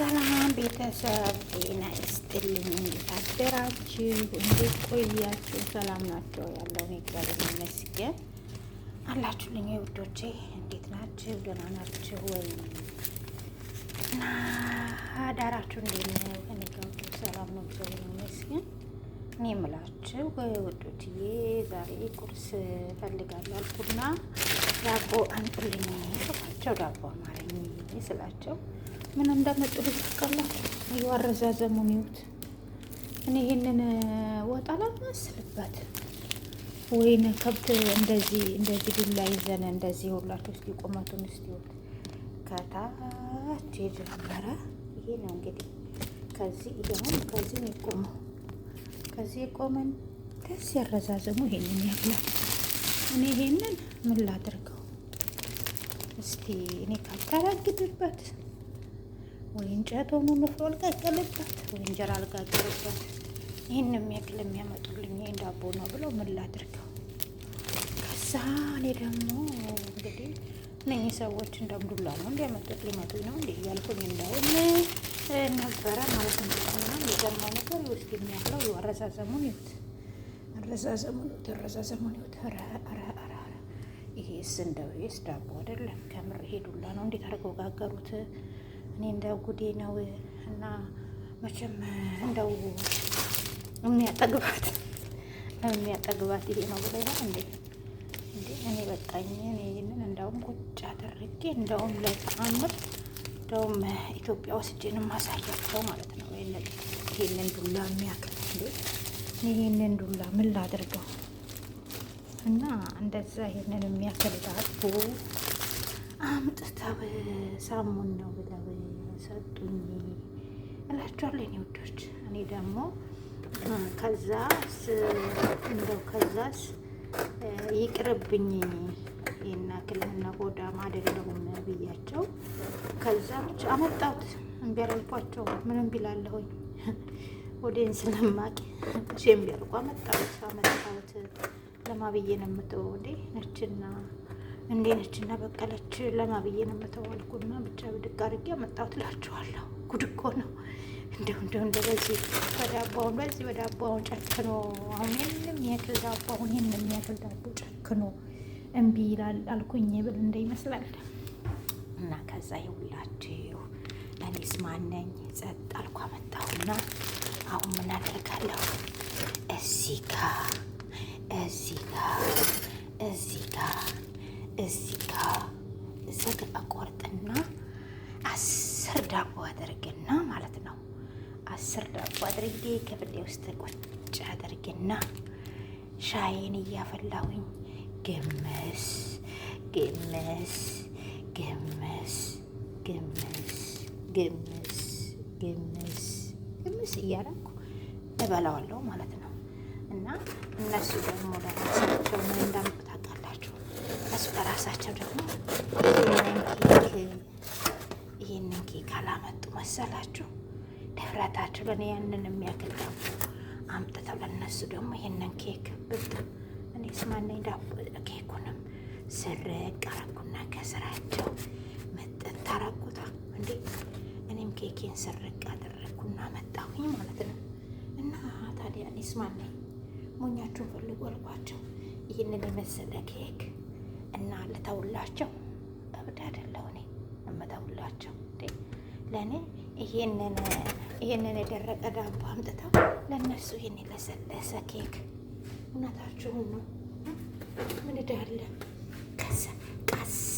ሰላም ቤተሰብ ጤና ይስጥልኝ። እንዴት አደራችሁ? እንዴት ቆያችሁ? ሰላም ናቸው ያለው እኔ እግዚአብሔር ይመስገን። አላችሁልኝ ውዶቼ፣ እንዴት ናችሁ? ደህና ናችሁ ወይ? እና አዳራችሁ እንዴት ነው? ከእኔ ጋር ውዶች ሰላም ነው፣ እግዚአብሔር ይመስገን። እኔ የምላችሁ ውዶችዬ፣ ዛሬ ቁርስ ፈልጋለሁ አልኩና ዳቦ አንጡልኝ ስላቸው ዳቦ አማረኝ ስላቸው ምን እንዳመጡልኝ ታውቃላችሁ? እዩ አረዛዘሙን ይዩት። እኔ ይህንን ወጣ አላማስልበት ወይን ከብት እንደዚህ እንደዚህ ዱላ ይዘን እንደዚህ ሁላችሁ እስቲ ቁመቱን እስቲ ከታች የጀመረ ይሄ ነው እንግዲህ ከዚህ ይሆን ከዚህ ይቆመው ከዚህ ቆመን ደስ ያረዛዘሙ ይሄንን ያለ እኔ ይሄንን ምን ላድርገው እስቲ እኔ ካልታላግድበት ወይ እንጨት ሙሉ ፍሮ አልቀቀልበት ወይ እንጀራ አልጋገርበት። ይህን የሚያክል የሚያመጡልኝ ይህን ዳቦ ነው ብለው ምን ላድርገው? ከዛ እኔ ደግሞ እንግዲህ እነኚህ ሰዎች እንደምዱላ ነው እንዲያመጡት ሊመጡ ነው እንዲ እያልኩኝ እንደውም ነበረ ማለት ነው። እና የጀማው ነገር ውስጥ የሚያለው አረዛዘሙን ይሁት አረዛዘሙን ይሁት አረዛዘሙን ይሁት ረረረ ይሄስ እንደው ይሄስ ዳቦ አይደለም ከምር ሄዱላ ነው። እንዴት አድርገው ጋገሩት? እኔ እንደ ጉዴ ነው እና መቼም እንደው የሚያጠግባት የሚያጠግባት ይሄ ነው ብሎ ይሆን እንዴ? እንዴ እኔ በቃኝ። እኔ ይህንን እንደውም ቁጭ አደረጌ እንደውም ለተአምር እንደውም ኢትዮጵያ ውስጄን ማሳያቸው ማለት ነው። ይህንን ዱላ የሚያክል እንዴ ይህንን ዱላ ምን ላድርገው እና እንደዛ ይህንን የሚያክል ዳቦ አምጥተው ሳሙን ነው ብለው ሰጡኝ እላችኋለሁ የኔ ውዶች። እኔ ደግሞ ከዛስ እንደው ከዛስ ይቅርብኝ እና ክልና ጎዳም አይደለሁም ብያቸው ከዛ ብቻ አመጣሁት። እምቢ አላልኳቸው ምንም ቢላለሁኝ ወዴን ስለማቅ እሺ እምቢ አልኩ። አመጣሁት አመጣሁት ለማብዬ ነው የምትወው ነችና እንዴነች እና በቀለች ለማብዬ ነው የምተዋልኩ የምተዋልኩና ብቻ ብድግ አድርጌ አመጣሁት እላችኋለሁ። ጉድ እኮ ነው። እንደው እንደው እንደ በዚህ በዳቦውን በዚህ በዳቦውን ጨክኖ አሁን ይህን የሚያክል ዳቦ አሁን ይህን የሚያክል ዳቦ ጨክኖ እምቢ ይላል አልኩኝ ብል እንደ ይመስላል እና ከዛ ይውላችሁ እኔስ ማነኝ? ጸጥ አልኳ መጣሁና አሁን ምን አደርጋለሁ? እዚህ ጋ እዚህ ጋ እዚህ ጋ እዚህ ጋ ዘግ አቆርጥና አስር ዳቦ አድርግና ማለት ነው። አስር ዳቦ አድርጌ ከፍሌ ውስጥ ቁጭ አድርግና ሻይን እያፈላሁኝ ግምስ ግምስ ግምስ ግምስ ግምስ ግምስ ግምስ እያደረኩ እበላዋለሁ ማለት ነው። እና እነሱ ደግሞ ለራሳቸው ምን እነሱ በራሳቸው ደግሞ ይህንን ኬክ ካላመጡ መሰላችሁ ድፍረታችሁ ለእኔ ያንን የሚያክል ዳቦ አምጥተው ለእነሱ ደግሞ ይህንን ኬክ ብጥ እኔ ስማነኝ ዳቦ ኬኩንም ስርቅ አረኩና ከስራቸው መጠን ታረቁታ እንዴ እኔም ኬኬን ስርቅ አደረግኩና መጣሁኝ ማለት ነው። እና ታዲያ እኔ ስማነኝ ሞኛችሁን ፈልጎ አልኳቸው ይህንን የመሰለ ኬክ እና ልተውላቸው እብድ አይደለሁ እኔ እምተውላቸው ለእኔ ይሄንን የደረቀ ዳቦ አምጥተው ለእነሱ ይህን የለሰለሰ ኬክ እውነታችሁን ነው ምን እዳለ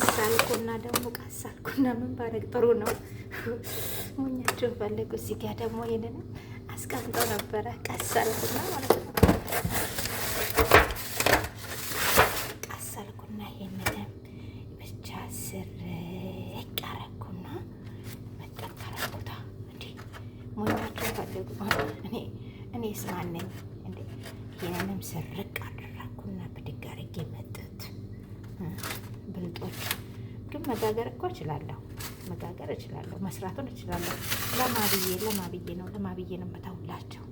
ቀሳልኩና ደግሞ ቀሳልኩና ምን ባረግ ጥሩ ነው ሙኛችሁን ፈልጉ እዚህ ጋ ደግሞ ይህንን አስቀምጠው ነበረ ቀሳልኩና ማለት ነው ደግሞ እኔ ስማነኝ እንዴ? ይህንንም ስርቅ አደረኩና ብድግ አድርጌ መጠት ብልጦች ግን መጋገር እኮ እችላለሁ፣ መጋገር እችላለሁ፣ መስራቱን እችላለሁ። ለማብዬ ለማብዬ ነው ለማብዬ ነው የምተውላቸው።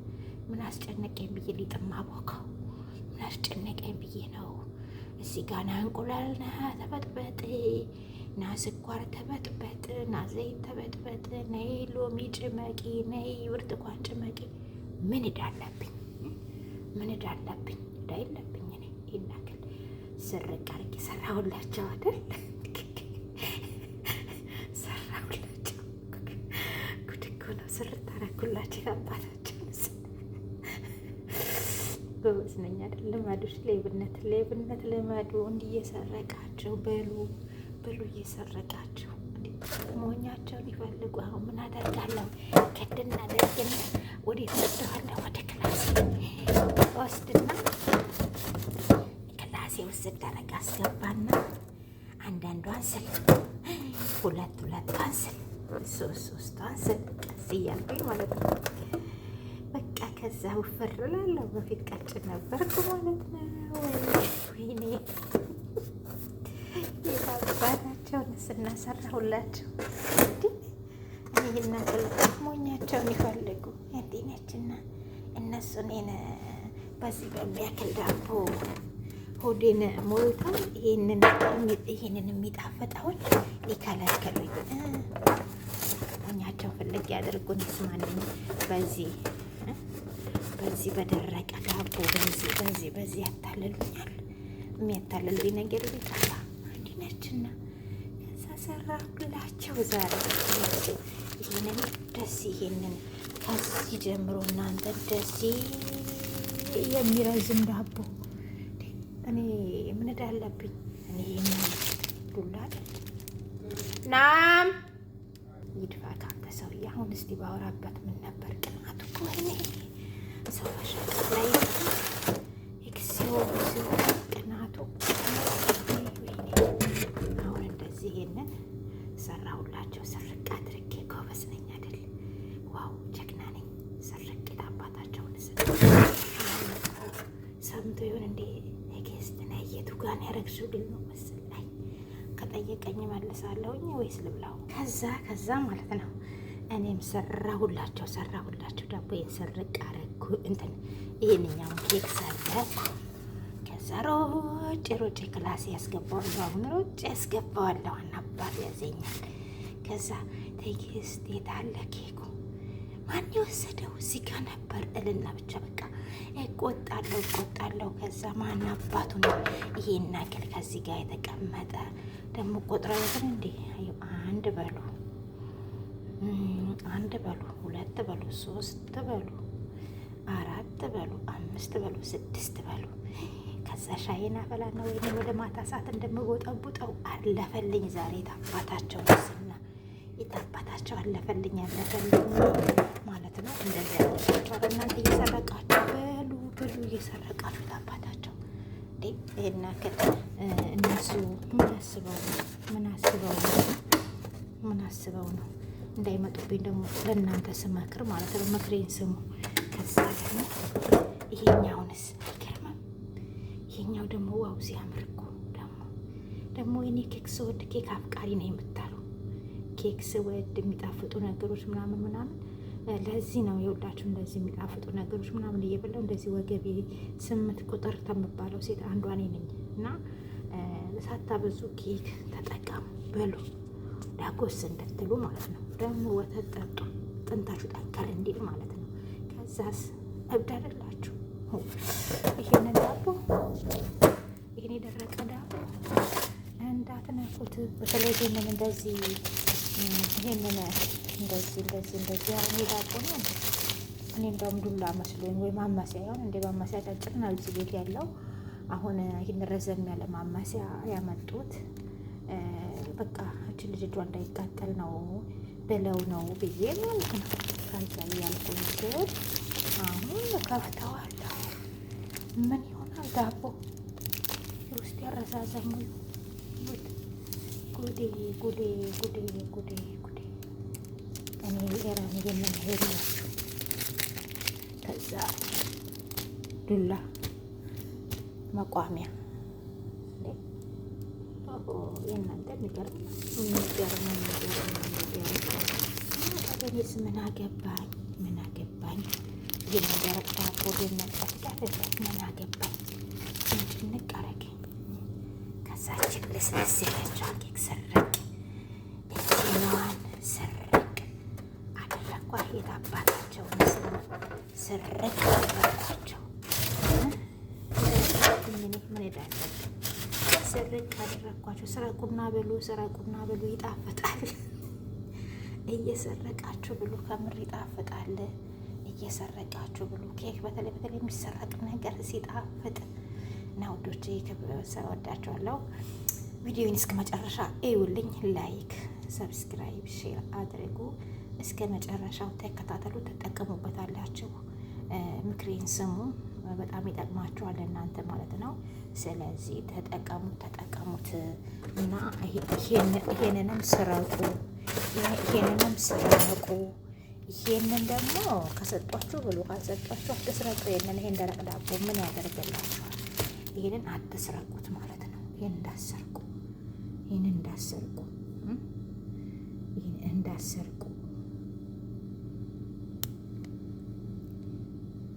ምን አስጨነቀኝ ብዬ ሊጥማ ቦካው ምን አስጨነቀኝ ብዬ ነው። እዚህ ጋና እንቁላልና ተበጥበጤ። ና ስኳር ተበጥበጥ፣ ና ዘይት ተበጥበጥ፣ ነይ ሎሚ ጭመቂ፣ ነይ ብርቱካን ጭመቂ። ምን ዕዳ አለብኝ? ምን ዕዳ አለብኝ? ዕዳ የለብኝ። እኔ ይናገል ስርቅ አርጌ ሰራሁላቸው አይደል? ሰራሁላቸው። ጉድ እኮ ነው። ስርት አረኩላቸው የአባታቸው በመጽነኛ አይደለም። አዶች ሌብነት ሌብነት ልመዱ እንዲህ በሉ ብሩ እየሰረቃችሁ ሞኛቸውን ይፈልጉ። አሁን ምን አደርጋለሁ? ከድና ደርግና ወደ ወደኋለሁ? ወደ ክላሴ ወስድና ክላሴ ውስጥ ስደረግ አስገባና አንዳንዷን ስል ሁለት ሁለቷን ስል ሶስት ሶስቷን ስል ቀስ እያልኩኝ ማለት ነው። በቃ ከዛ ውፍር እላለሁ። በፊት ቀጭን ነበርኩ ማለት ነው። ክርስትና ሰራሁላቸው። እንዲህ ይህና ሞኛቸውን ይፈልጉ እንዲነችና እነሱን ነ በዚህ በሚያክል ዳቦ ሆዴን ሞልተው ይህንን የሚጣፈጠውን ሊከለከሉኝ ሞኛቸውን ፍልግ ያደርጉን። በዚህ በዚህ በደረቀ ዳቦ በዚህ በዚህ በዚህ ነገር እንዲነችና ሰራሁላቸው ዛሬ ይህንን ደስ ይሄንን ከዚህ ጀምሮ እናንተ ደስ የሚረዝም ዳቦ እኔ ምን ዕዳ አለብኝ? እኔ ዱላ ናም ይድፋ ካንተ ሰውዬ። አሁን እስቲ ባወራበት ምን ነበር ቅናቱ እኮ ሰው ላይ እግዚኦ ሁላቸው ስርቅ አድርጌ ጎበዝ ነኝ አይደል? ዋው ጀግና ነኝ። ስርቅ የታባታቸውን ስ ሰምቶ ይሆን እንዴ? ቴክስት ነ የቱ ጋን ያረግሽልኝ ነው መስል ላይ ከጠየቀኝ መልሳለሁኝ ወይስ ልብላው? ከዛ ከዛ ማለት ነው እኔም ሰራ ሁላቸው ሰራ ሁላቸው ዳቦ ስርቅ አረግኩ። እንትን ይህንኛውን ኬክ ሰረኩ። ከዛ ሮጬ ሮጭ ክላስ ያስገባዋለሁ። አሁን ሮጭ ያስገባዋለሁ። አባት ያዘኛል። ከዛ ትዕግስት የታለ ኬኩ ማን የወሰደው እዚህ ጋ ነበር እልና ብቻ በቃ እቆጣለሁ እቆጣለሁ። ከዛ ማን አባቱ ነው ይሄን ያክል ከዚህ ጋር የተቀመጠ ደግሞ ቆጥረትን እንዴ አንድ በሉ አንድ በሉ ሁለት በሉ ሶስት በሉ አራት በሉ አምስት በሉ ስድስት በሉ። ከዛ ሻይና ፈላና ወይም ወደ ማታ ሰዓት እንደምጎጠቡጠው አለፈልኝ ዛሬ ታባታቸው ናቸው። አለፈልኝ ያለፈልኝ ማለት ነው። እንደዚህ ያለባቸው እናንተ እየሰረቃችሁ በሉ ብሉ፣ እየሰረቃችሁ ታባታቸው ይሄን እነሱ ምን አስበው ምን አስበው ምን አስበው ነው እንዳይመጡብኝ ደግሞ ለእናንተ ስመክር ማለት ነው። ምክሬን ስሙ። ከዛ ደግሞ ይሄኛውንስ አይገርምም? ይሄኛው ደግሞ ዋው ሲያምር እኮ ደግሞ ደግሞ እኔ ኬክ ስወድ ኬክ አፍቃሪ ነው የምት ኬክ ስወድ የሚጣፍጡ ነገሮች ምናምን ምናምን ለዚህ ነው የወዳችሁ እንደዚህ የሚጣፍጡ ነገሮች ምናምን እየበላው እንደዚህ ወገቤ ስምንት ቁጥር ከምባለው ሴት አንዷ እኔ ነኝ። እና ሳታበዙ ኬክ ተጠቀሙ፣ በሉ ዳጎስ እንድትሉ ማለት ነው። ደግሞ ወተት ጠጡ፣ ጥንታችሁ ጠንከር እንዲል ማለት ነው። ከዛስ እብድ አይደላችሁ። ዳቦ ይህን የደረቀ ዳቦ እንዳትነኩት፣ በተለይ ይሄንን እንደዚህ ይሄንን እንደዚህ እንደዚህ እንደዚህ አሁን የዳቦ ነው። እኔ እንደውም ዱላ መስሎኝ ወይ ማማሲያ ይሆን እንደ ማማሲያ ቤት ያለው አሁን ይህን ረዘም ያለ ማማሲያ ያመጡት በቃ ልጅ እጇ እንዳይቃጠል ነው ብለው ነው ብዬ ማለት ነው። ከዛ ስል አሁን ከፍተዋለሁ። ምን ይሆናል ዳቦ ውስጥ ያረዛዘሙ ጉዴ ጉዴ ጉዴ ጉዴ ጉዴ እኔ ኢራን የምንሄድ ናቸው። ከዛ ዱላ መቋሚያ የእናንተ የሚገርም የሚገርም የሚገርም የሚገርም ምን አገባኝ ምን አገባኝ የነገር ዳቦ ገነት ምን አገባኝ እዛችን ልስልስ ያለችው ኬክ ስርቅ እችኛዋን ስርቅ አደረኳ። የታባታቸው ምስል ስርቅ አደረኳቸው። ምን ምን ሄዳለሁ ስርቅ አደረኳቸው። ስረቁና ብሉ፣ ስረቁና ብሉ፣ ይጣፍጣል። እየሰረቃችሁ ብሉ፣ ከምር ይጣፍጣል። እየሰረቃችሁ ብሉ። ኬክ በተለይ በተለይ የሚሰረቅ ነገር ሲጣፍጥ እና ውዶቼ ሰወዳቸዋለሁ። ቪዲዮውን እስከ መጨረሻ እዩልኝ። ላይክ፣ ሰብስክራይብ፣ ሼር አድርጉ። እስከ መጨረሻው ተከታተሉ፣ ተጠቀሙበታላችሁ። ምክሬን ስሙ፣ በጣም ይጠቅማችኋል እናንተ ማለት ነው። ስለዚህ ተጠቀሙት፣ ተጠቀሙት እና ይሄንንም ስረቁ፣ ይሄንንም ስረቁ። ይሄንን ደግሞ ከሰጧችሁ ብሎ ካልሰጧችሁ አትስረቁ። ይሄንን ይሄን ደረቅ ዳቦ ምን ያደርግላችኋል? ይህንን አትስረቁት ማለት ነው። ይህን እንዳሰርቁ ይህን እንዳሰርቁ ይሄን እንዳሰርቁ